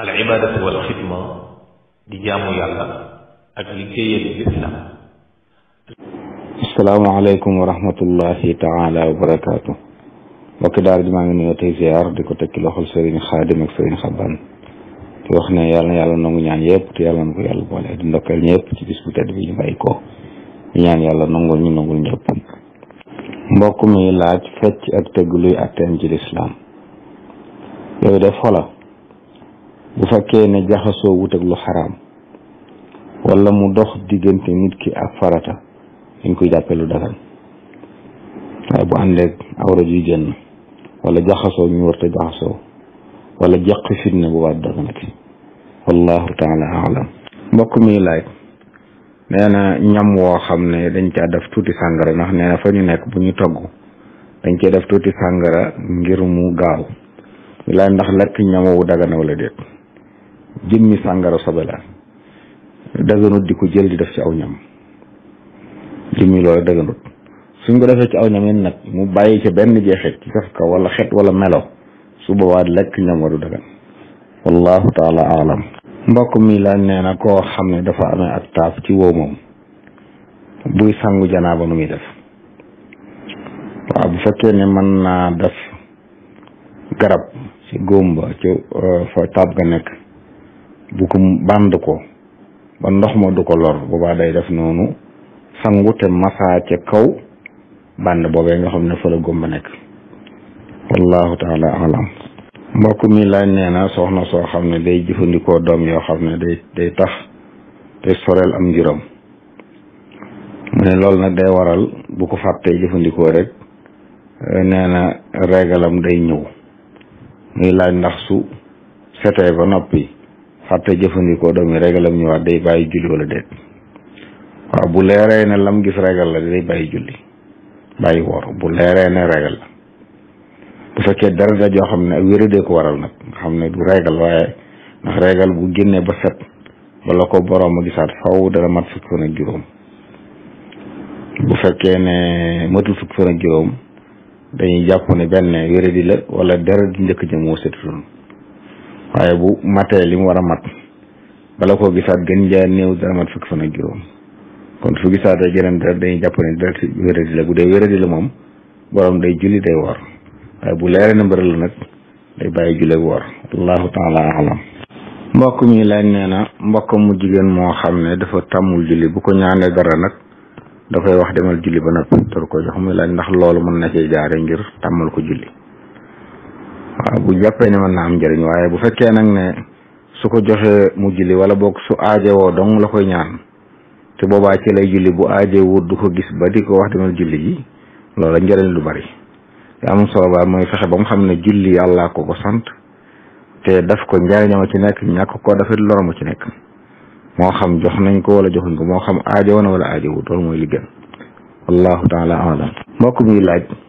al ibaadatu wal xidma di jaamu maa ngi nuyoo ko tekki loxol sëriñ xaadim ak sëriñ wax ne yàlla na yàlla nangu ñaan yëpp te yàlla na ko yàlla boole di ndokkeel ñëpp ci bis bu tedd ñu bàyyi ko ñaan yàlla nangul ñu nangul ñëpp mbokk mi laaj fecc ak tëgg luy atteem ci lislaam yooyu def xola bu fekkee ne jaxasoo wut ak lu xaraam wala mu dox diggante nit ki ak farata dañ koy jàppe lu dagan waaye bu àndeeg awra ju génn wala jaxasoo ñu warta jaxasoo wala jàq fitna bu waat daganati wallahu taala alam mbokk mi laaj nee na ñam woo xam ne dañ caa def tuuti sàngara ndax nee na fa ñu nekk bu ñu togg dañ cee def tuuti sàngara ngir mu gaaw laaj ndax lekk ñam woowu dagana wala déet jëmmi sàngara sobe la daganut di ko jël di def ci aw ñam jëmmi loolu daganut suñ ko defee ci aw ñam yéen nag mu bàyyi ci benn jeexit ci saf ka wala xet wala melo su boobaa lekk ñam wadu dagan wallahu taala alam mbokk mi laa nee na koo xam ne dafa amee ak taab ci wow moom buy sangu janaaba nu muy def waaw bu fekkee ne mën naa def garab ci góom ci euh, fa taab ga nekk bu ko bànd ko ba ndox ma du ko lor boobaa day def noonu sangu te masaa ca kaw bànd boobee nga xam ne fo la gumba nekk wallahu taala alam mbokk mi laaj nee na soxna soo xam ne day jëfandikoo doom yoo xam ne day day tax te soreel am njuram mu ne loolu nag day waral bu ko fàttee jëfandikoo rek eh, nee na regalam day ñëw muy laaj ndax su setee ba noppi fàtte jëfandikoo doomi régalam ñëwaat day bàyyi julli wala déet waaw bu leeree ne lam gis régal la day bàyyi julli bàyyi woor bu leeree ne régal bu fekkee dara la joo xam ne ak wéradee ko waral nag nga xam ne du regal waaye ndax regal bu génnee ba set bala ko boroom a gisaat faw dana mat fukki fan juróom bu fekkee ne matul fukki fan ak juróom dañuy jàpp ne benn wéradi la wala dara di njëkk jëm moo setutoon waaye bu matee li mu war a mat bala koo gisaat gën jaa néew dana mat fukki fan ak juróom kon su gisaatee geneen deret dañuy jàpp ne deret wéradi la bu dee wéradi la moom borom day julli day woor waaye bu leeree na mbëral la nag day bàyyi julli woor allahu taala alam mbokk mi laaj nee na mbokk mu jigéen moo xam ne dafa tàmmul julli bu ko ñaanee dara nag da koy wax demal julli ba noppi tor ko jox muy laaj ndax loolu mën na cee jaare ngir tàmmal ko julli waaw bu jàppee ne mën naa am njëriñ waaye bu fekkee nag ne su ko joxee mu julli wala boog su aajowoo dong la koy ñaan te boobaa ci lay julli bu aajowut du ko gis ba di ko wax demal julli ji loola njariñ lu bari te am solo ba mooy fexe ba mu xam ne julli yàllaa ko ko sant te daf ko njariñama ci nekk ñàkk ko dafay lorama ci nekk moo xam jox nañ ko wala joxuñ ko moo xam aajowoon na wala aajowut loolu mooy li gën taala alam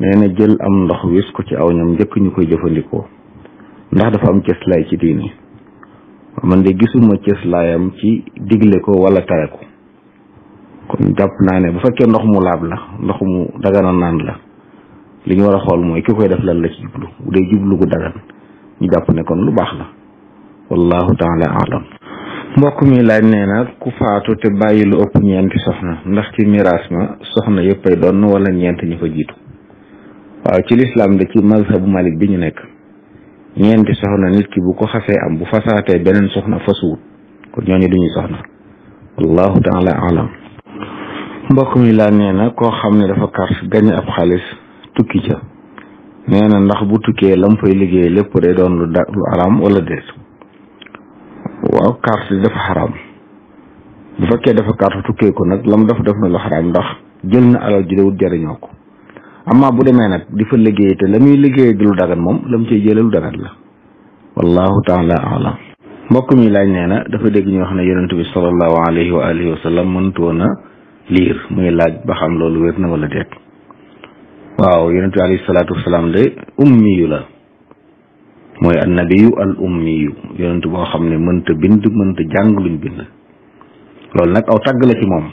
nee na jël am ndox wis ko ci aw ñam njëkk ñu koy jëfandikoo ndax dafa am cëslaay ci diini man de gisuma cëslaayam ci digle ko wala tere ko kon jàpp naa ne bu fekkee ndox mu laab la ndox mu dagana naan la li ñu war a xool mooy ki koy def lan la ci jublu bu dee jublu gu dagan ñu jàpp ne kon lu baax la wallahu taala alam mbokk mi laaj nee na ku faatu te bàyyi lu ëpp ñeenti soxna ndax ci miraas ma soxna yëpp ay doon wala ñeent ñu ko jiitu waaw ci lislaam da ci mazhabu malik bi ñu nekk ñeenti soxna nit ki bu ko xasee am bu fasaatee beneen soxna fasuwut kon ñooñu duñuy soxna wallahu taala alam mbokk mi laa nee na koo xam ne dafa kars gañe ab xaalis tukki ca nee ndax bu tukkee lam fay liggéey lépp day doon lu da lu araam wala déet waaw carte dafa xaraam bu fekkee dafa carte tukkee ko nag lam dafa def na lu xaraam ndax jël na alal ji jariñoo ko amma bu demee nag di fa liggéey te la muy liggéey di lu dagan moom la mu cay jëlee lu dagan la wallahu taala alam mbokk mi laaj nee na dafa dégg ñu wax ne yonent bi sallallahu alayhi wa alihi wa sallam mëntu woon a liir muy laaj ba xam loolu wér na wala déet waaw yonent bi alayhi salaatu wasalaam de ummiyu la mooy annabiyu al ummiyu boo xam ne mënta bind mënta jàng luñ bind loolu nag aw tàgg la ci moom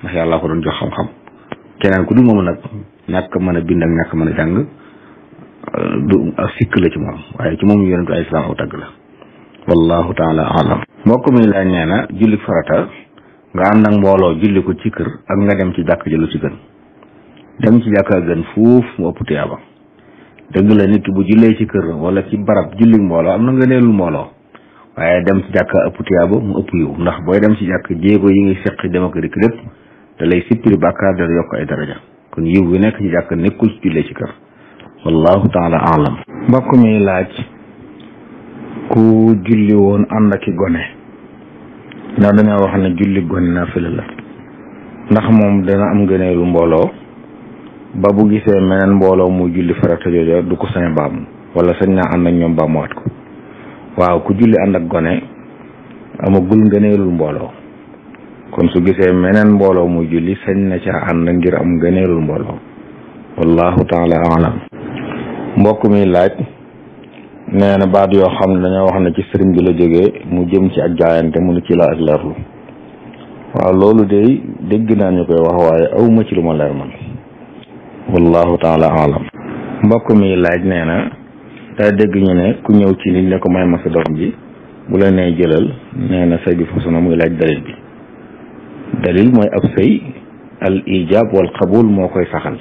ndax yàlla ko doon jox xam-xam keneen ku dul moom nag ñàkk mën a bind ak ñàkk mën a jàng du ak sikk la ci moom waaye ci moom yonentu ay islam aw tagg la wallahu taala alam mbokk mi laaj nee na julli farata nga ànd ak mbooloo julli ko ci kër ak nga dem ci jàkk jëlu ci gën dem ci jàkka gën fuuf mu ëpp tuyaaba nit bu jullee ci kër wala ci barab julli mbooloo am na nga neelul mbooloo waaye dem ci jàkka ëpp tuyaaba mu ëpp yiw ndax booy dem ci jàkk jéego yi ngi seq dem ak dikk lépp da lay sippiri bàkkaar da yokk ay daraja kon yiw wi nekk ci jàkk nekkul ci jullee ci kër wallahu taala alam mbokk mi laaj ku julli woon gone ndax dañoo wax ne julli gone naafila la ndax moom dana am gëneelu mbooloo ba bu gisee meneen mbooloo mu julli farata jooja du ko sañ baamu wala sañ naa am ak ñoom baamuwaat ko waaw ku julli ànd ak gone amagul gëneelul mbooloo kon su gisee meneen mbooloo mu julli sañ na ca ànd ngir am gëneelul mbooloo wallahu taala alam mbokk mi laaj nee na baat yoo xam ne dañoo wax ne ci sëriñ bi la jógee mu ci ak jaayante mu ci la ak waaw loolu de dégg naa koy wax waaye awma ci lu ma leer man wallahu mi laaj nee na daa dégg ñu ne ku ñëw ci nit la ko may ma sa doom ji bu la nee jëlal nee na say bi façon muy laaj dalil bi dalil mooy ab sëy al ijab wal qabul moo koy saxal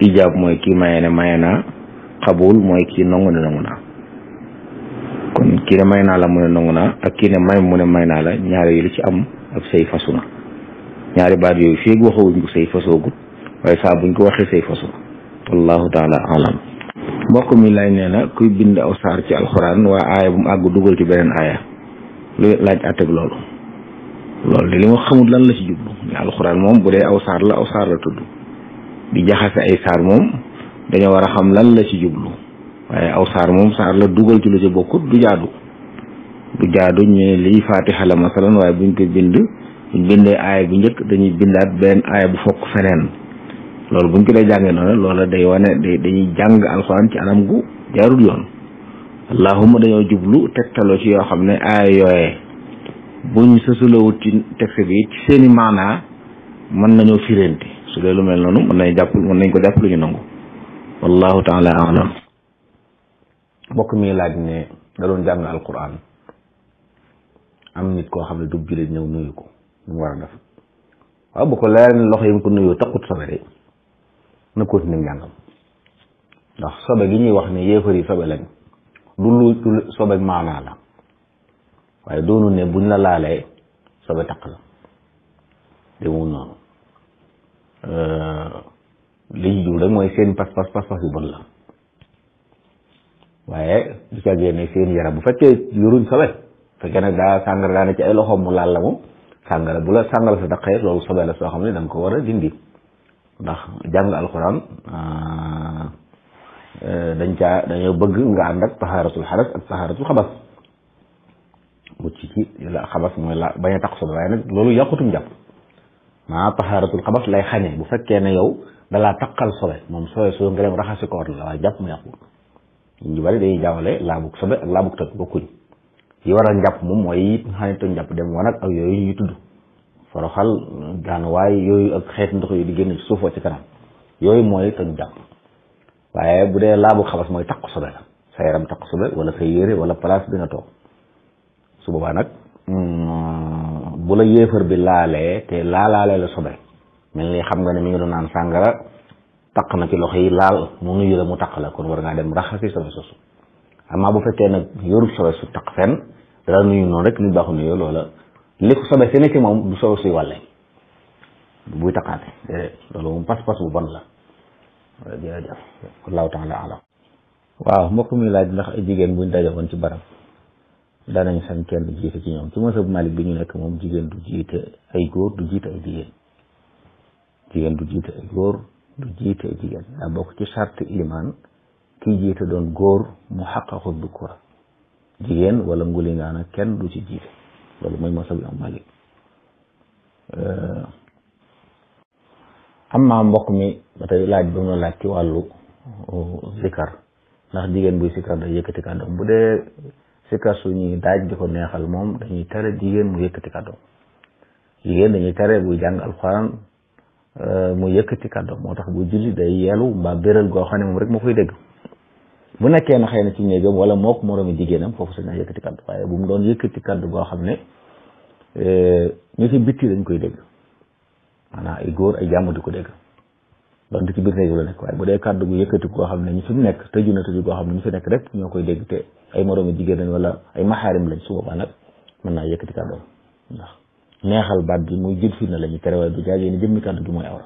ijab mooy kii maye ne maye naa qabul mooy kii nangu ne nangu naa kon kii ne may naa la mu ne nangu naa ak kii ne may mu ne may naa la ñaari yi ci am ab sey fasu na ñaari baat yooyu fii waxawuñ ko sëy fasoogut waaye saa buñ ko waxee sëy fasu na wallahu taala kuy bind aw saar aaya bu mu àgg dugal ci beneen aaya lu laaj àtteeg loolu loolu de li ma xamul lan la ci jublu ne alxuraan moom bu dee aw saar la aw saar la tudd di jaxase ay saar moom dañoo war a xam lan la ci jublu waaye aw saar moom saar la dugal ci lu ci bokkut du jaadu du jaadu ñu ne lii faatiha la masalan waaye buñ ko bind buñ bindee aaya bu njëkk dañuy bindaat benn aaya bu fokk feneen loolu buñ ko dee jàngee noonu loola day wane dañuy jàng alxuraan ci anam gu jaarul yoon allahuma dañoo jublu tegtaloo ci yoo xam ne aaya yooyee buñ sësulawut ci texte bi ci seeni maanaa mën nañoo firante su lu mel noonu mën nañ jàpp mën nañ ko jàpp lu ñu nangu wallahu taala alam mbokk mi laaj ne da doon jàng alquran am nit koo xam ne du julit ñëw nuyu ko mu war a def waaw bu ko leer loxo yi mu ko nuyoo taxut sobe de na continuer njàngam ndax sobe gi ñuy wax ne yéefar sobe lañ du lu sobe maanaa la waaye doonu ne buñ la laalee sobe taq la demul noonu euh, li jiw rek mooy seen pas pas pas yu bon la waaye du ca génne seen yaram bu fekkee yoruñ sobe fekkee nag daa sàngara daa ne ci ay loxoom mu laal la moom sàngara bu la sàngara sa taqee loolu sobe la soo xam ne da ko war a dindi ndax jàng alxuraan euh, euh, dañ caa dañoo bëgg nga ànd ak taxaaratul xabas mucc ci la xabas mooy la bañ a tax solo waaye nag loolu yàqutum jàpp maanaam taxaaratul xabas lay xañee bu fekkee ne yow dalaa taqal sobe moom sobe su nga dem raxasi ko war la jàpp mu ñu bari dañuy jaawale laabug sobe ak laabug tëb bokkuñ yi waral njàpp moom mooy yi nga dem wanag ak yooyu ñuy tudd foroxal gaanuwaay yooyu ak xeet ndox yu di génn ci suufoo ci kanam yooyu mooy tëb jàpp waaye bu dee laabug xabas mooy taq sobe la sa yaram taq sobe wala sa yére wala place bi nga toog su boobaa nag mm, bu la yéefar bi laalee te laalaale la sobe mel ni xam nga ne mu ngi doon naan sàngara taq na ci loxo yi laal mu nuyu la mu taq la kon war ngaa dem raxasi sobe soosu amaa bu fekkee taq fenn dara nuyu noonu rek si ne ci moom du sobe suy wàlle buy taqaate loolu moom pas-pas bu bon la jërëjëf wallahu taala alam waaw mbokk mi laaj ndax ay jigéen buñ daje woon ci barab danañ sañ kenn jiite ci ñoom ci masab Malik bi ñu nekk moom jigéen du jiite ay góor du jiite ay jigéen du jiite góor du jiite ay jigéen daa bokk ci charte ilimaan kiy jiite doon góor mu xaqaqu dukura jigéen wala ngulingaana kenn du ci jiite loolu mooy masab Imaam Malik amma mbokk mi ba tey laaj ba mu laaj ci wàllu uh, zikar ndax jigéen buy sikar day yëkkati kàddoom bu dee sikar suñuy daaj di ko neexal moom dañuy di jigéen mu yëkkati kàddoom jigéen dañuy tere buy jàng alxuraan euh, mu yëkkati kàddoom moo tax bu julli day yeelu mbaa béral goo xam ne moom rek moo koy dégg mu nekkee na xëy na ci néegam wala moo ko moroomi jigéenam foofu sañ yëkkati kàddu waaye bu mu doon yëkkati kàddu goo xam ne euh, ñu ci bitti dañ koy dégg maanaam ay góor ay jàmm di ko dégg donte ci biir réew la nekk waaye bu dee kàddu gu yëkkati koo xam ne ñi fi mu nekk tëju na tëju koo xam ne ñi fi nekk rek ñoo koy dégg te ay moroomi jigéen lañ wala ay maxaarim lañ su boobaa nag mën naa yëkkati kàddoom ndax neexal baat bi muy jël la ñu tere waaye du jaajee ni jëmmi kàddu gi mooy awra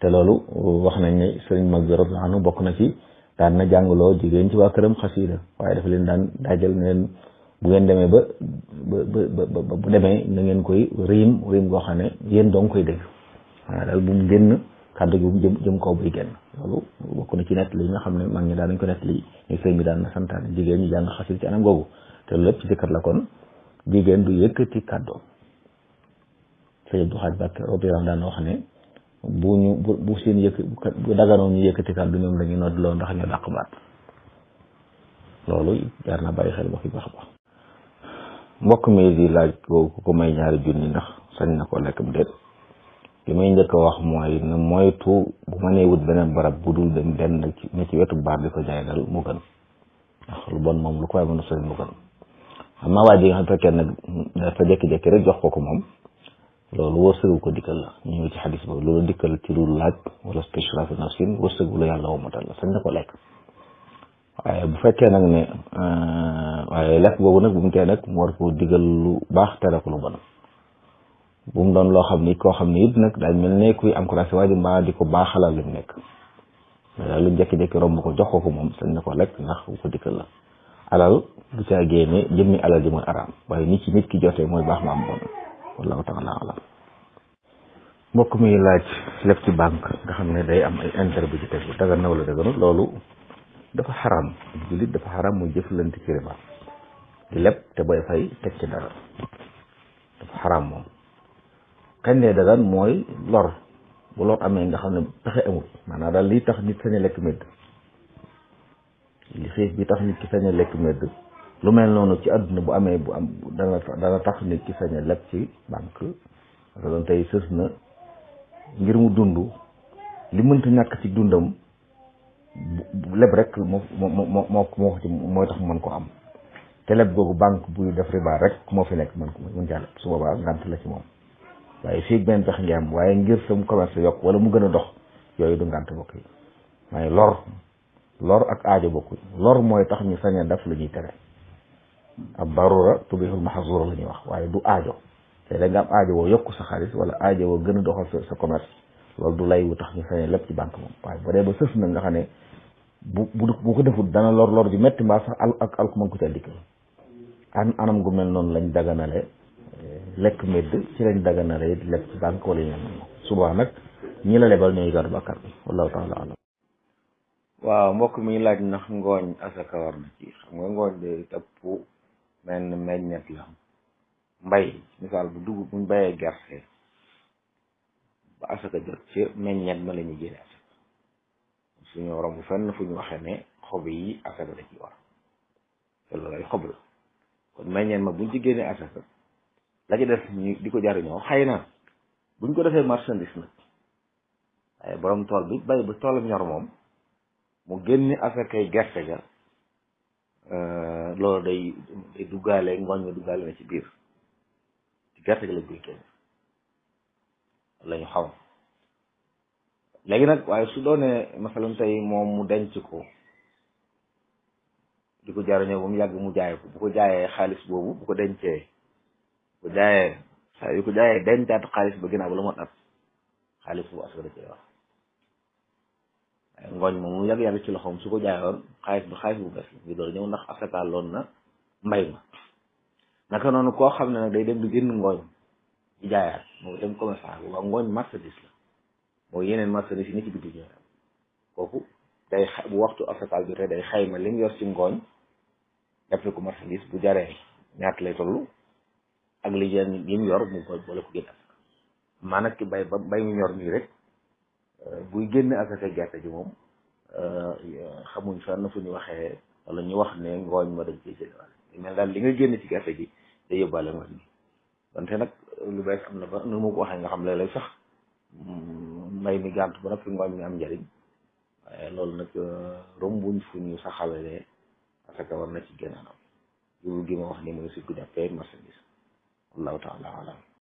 te loolu wax nañ ne sëriñ mag bi radiyallaahu anhu bokk na ci daan na jàngaloo jigéen ci waa këram xasiida waaye dafa leen daan daajal ne leen bu ngeen demee ba ba ba bu demee na ngeen koy riim riim goo xam ne yéen dong koy dégg waaye daal bu mu génn kàddu gi jëm jëm kaw buy génn loolu bokk na ci nett yi nga xam ne mag ñi daan nañ ko nett li ñu sëñ bi daan na santaane jigéen ñu jàng xasil ci anam googu te loolu lépp ci sikkar la kon jigéen du yëkkati kàddoom sëñ Abdou Xaaj Bàkke radiyallaahu ñu bu seen yëkk bu daganoon ñu yëkkati kàddu ñoom la ñu ñu dàq baat loolu bàyyi xel bokki baax a baax mbokk mi di laaj ko ko may ñaari junni ndax sañ na ko lekk mu déet li may njëkk a wax mooy na moytu bu ma nee wut beneen barab bu dul dem benn ne ci wetu baar di ko jaay dal mu gën lu bon moom lu ko waaye mën a sori mu gën xam naa waa ji nga xam fekkee nag dafa jékki jox ko ko moom loolu wërsëgu ko dikkal la ñu ñëw ci xadis dikkal ci lu wala stishraafi nafsin wërsëgu la yàlla womatal la sañ na ko lekk waaye bu fekkee nag ne euh, waaye lekk boobu nag bu mu tee nag mu war koo digal lu baax tere ko lu bon bu mu doon loo xam ni koo xam ne it nag daal mel ne kuy encouragé waa ji mbaa di ko baaxalal lu nekk mais lu jékki-jékki romb jox ko ko moom sañ ko lekk ndax bu ko dikkal la alal du caa génne alal ji mooy araam waaye nit ci nit ki mooy baax ma am bon wallahu taala alam mbokk mi laaj lépp ci banque nga xam ne day am ay intérêt bu ci tegu dagan na wala daganul loolu dafa xaram jullit dafa xaram muy jëflante ci riba di lépp te booy fay teg ci dara dafa xaram moom xañ ne dagan mooy lor bu lor amee nga xam ne pexe amul maanaam daal lii tax nit sañ lekk medd li xiif bi tax nit ki sañ a lekk medd lu mel noonu ci àdduna bu amee bu am dana dana tax nit ki sañ a lekk ci banque da doon tey sës na ngir mu dund li mënta ñàkk ci dundam leb rek moo moo moo moo ci mooy tax mën ko am te leb googu banque buy def riba rek moo fi nekk mën ko mën jàll su boobaa ngant la ci moom waaye fii benn tax ngi am waaye ngir sam commerce yokk wala mu gën a dox yooyu du ngànt bokk yi waaye lor lor ak aajo bokk lor mooy tax ñu sa a def lu ñuy tere ab barura tubihul mahzura la ñuy wax waaye du aajo te da nga am aajo woo yokk sa xaalis wala aajo woo gën a doxal sa sa commerce loolu du lay wu tax ñu sañ lépp ci banque moom waaye bu dee ba sës na nga xam ne bu bu ko deful dana lor lor ju metti mbaa sax al ak alku mën ko ca dikkal an anam gu mel noonu lañ daganale lekk medd ci lañ daganale it lekk ci banque wala ñoom subaa nag ñi la lebal ñooy gàddu bàkkaar bi wallahu taala waaw mbokk mi laaj ndax ngooñ asaka war na ci xam nga ngooñ de tëpp menn meññet la mbay misaal bu dugub buñ bayee gerte ba asaka jot ci meññet ma la génne asaka suñu romb fenn fuñu ñu waxee ne xob yi asaka da ci war te loolu ay xob la kon meññet ma buñ ci génnee asaka la ci def nii di ko jariñoo xëy na buñ ko defee marchandise nag waaye borom tool bi bay bu toolam ñor moom mu génne affaire kay gerte ga euh, loolu day day duggaale ngooñ na ci biir ci lañ koy nag waaye su doonee masalan tey moom mu denc ko di ko jariñoo ba mu yàgg mu jaay ko bu ko jaayee xaalis boobu bu ko dencee ko jaayee saa yu ko jaayee xaalis ba ginnaaw ba la moon at xaalis bu asaka da cee wax ngooñ moom mu yàgg-yàgg ci loxoom su ko jaayoon xaalis bi xaalis bu bees la ngi door ñëw ndax asaka loon na mbay ma naka noonu koo xam ne nag day dem di jënd ngooñ di jaayaat moo dem commerçant bu baax ngooñ marchandise la mooy yeneen marchandise yi ne ci bitti ñooy am kooku day bu waxtu asakaal jotee day xayma li mu yor ci ngooñ def ko bu jaree ñaata lay toll ak li ngeen yi mu yor mu boole ko génn asaka maanaam ki bay ba bay mu ñor nii rek euh, buy génn asaka gerte ji moom euh, xamuñ fenn fu ñu waxee wala ñu wax ne ngooñ ma dañ mel daal li nga génn ci gerte gi day yóbbaale ngooñ gi wante nag lu bees xam na ba nu mu ko waxee nga xam léeg-léeg sax mm, mbay mi gànt ba noppi ngooñ mi am njariñ waaye loolu nag euh, rombuñ fu ñu saxawalee parce que war na ci gën a am gi ma wax ni mooy surtout jàppee marchandise allahu taala alam